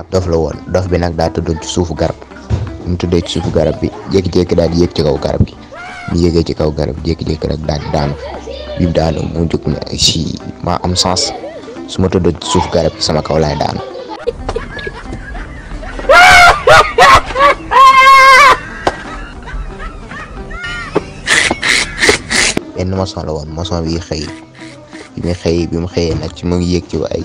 ab dof la woon dof bi nag daa tëddoon ci suufu garab mu tëddee ci suufu garab bi jékki-jékki daal di ci kaw garab gi mu ci kaw garab jékki-jékki rek daal di daanu bi mu daanu mu jóg eh, si maa am sens su ma tëddoon ci suufu garab gi sama kaw laay daanu. benn maçon la woon maçon bi xëy bi mu xëy bi xëyee nag ci ma ngi yéeg ci ay.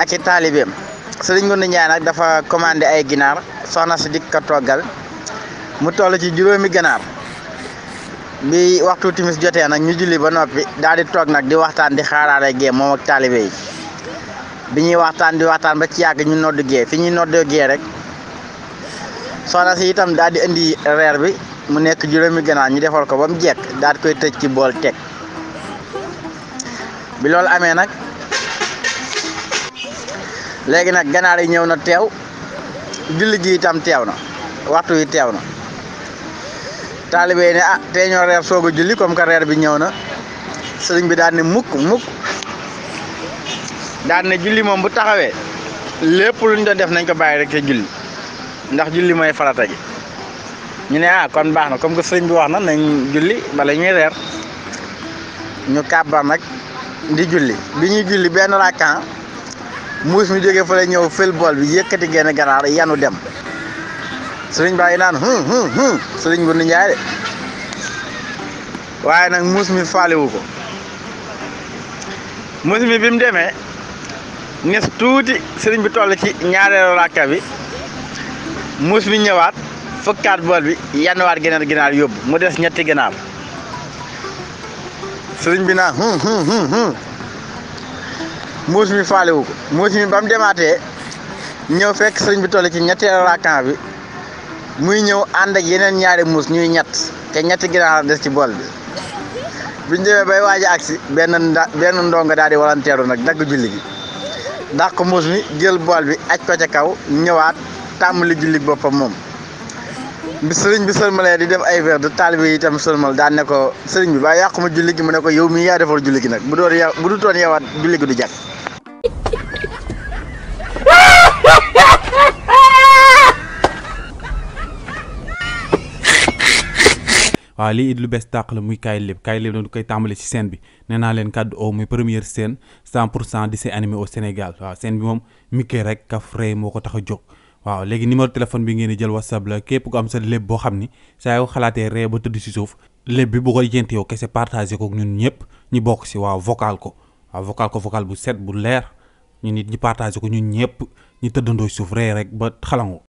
ak i taalibeem Sëriñ Ngounda Ndiaye nag dafa commandé ay ginaar soxna si dikk ko toggal mu toll ci juróomi ganaar bi waxtu timis jotee nag ñu julli ba noppi daal di toog nag di waxtaan di xaaraale gee moom ak taalibe yi bi ñuy waxtaan di waxtaan ba ci yàgg ñu noddu gee fi ñuy noddoo gee rek soxna si itam daldi indi reer bi mu nekk juróomi ganaar ñu defal ko ba mu jekk daal di koy tëj ci bool teg bi loolu amee nag léegi nag ganaar yi ñëw na teew julli ji itam teew na waxtu yi teew na taalibe ne ah tee ñoo reer soog a julli comme que reer bi ñëw na sëriñ bi daal ne mukk mukk daal ne julli moom bu taxawee lépp lu ñu doon def nañ ko bàyyi rek te julli ndax julli mooy farata ji ñu ne ah kon baax na comme que sëriñ bi wax na nañ julli bala ñuy reer ñu kàbbar nag di julli bi ñuy julli benn rakkaan muus mi jógee fële ñëw fël bool bi yëkkati genn ganaar yanu dem sëriñ baa ngi naan hum de waaye nag muus mi faalewu ko muus mi bi mu demee nes tuuti sëriñ bi toll ci ñaareelu ràkka bi muus mi ñëwaat fëkkaat bool bi yanuwaat geneen ginaar yóbbu mu des ñetti ginaar sëriñ bi naan hum hum hum muus mi faale wu ko muus mi ba mu demaatee ñëw fekk sëñ bi toll ci ñetteelu rakan bi muy ñëw ànd ak yeneen ñaari muus ñuy ñett te ñetti ginaar des ci bool bi biñ demee bay waaj a agsi benn benn ndongo daal di walanteeru nag dagg julli gi ndax muus mi jël bool bi aj ko ca kaw ñëwaat tàmbali julli boppam moom bi sëriñ bi sëlmalee di def ay verre de taalibe yi itam sëlmal daan ne ko sëriñ bi ba yàquma julli gi mu ne ko yow mii yaa defar julli gi nag bu doon yow bu du toon yowaat julli waaw lii it lu bees tàq la muy kaay lépp kaay lépp la du koy tàmbali ci scène bi nee leen kàddu o muy première scène 100 pour cent dessin animé au Sénégal waaw scène bi moom Mickey rek kaf rey moo ko tax a jóg waaw léegi numéro téléphone bi ngeen di jël whatsapp la képp ko am sa lépp boo xam ni saa yoo xalaatee ree ba tëdd si suuf lépp bi bu ko jënte yow kese partagé ko ñun ñëpp ñi bokk si waaw vocal ko waaw vocal ko vocal bu set bu leer ñun nit ñi partagé ko ñun ñëpp ñu tëddandoo suuf ree rek ba xalangu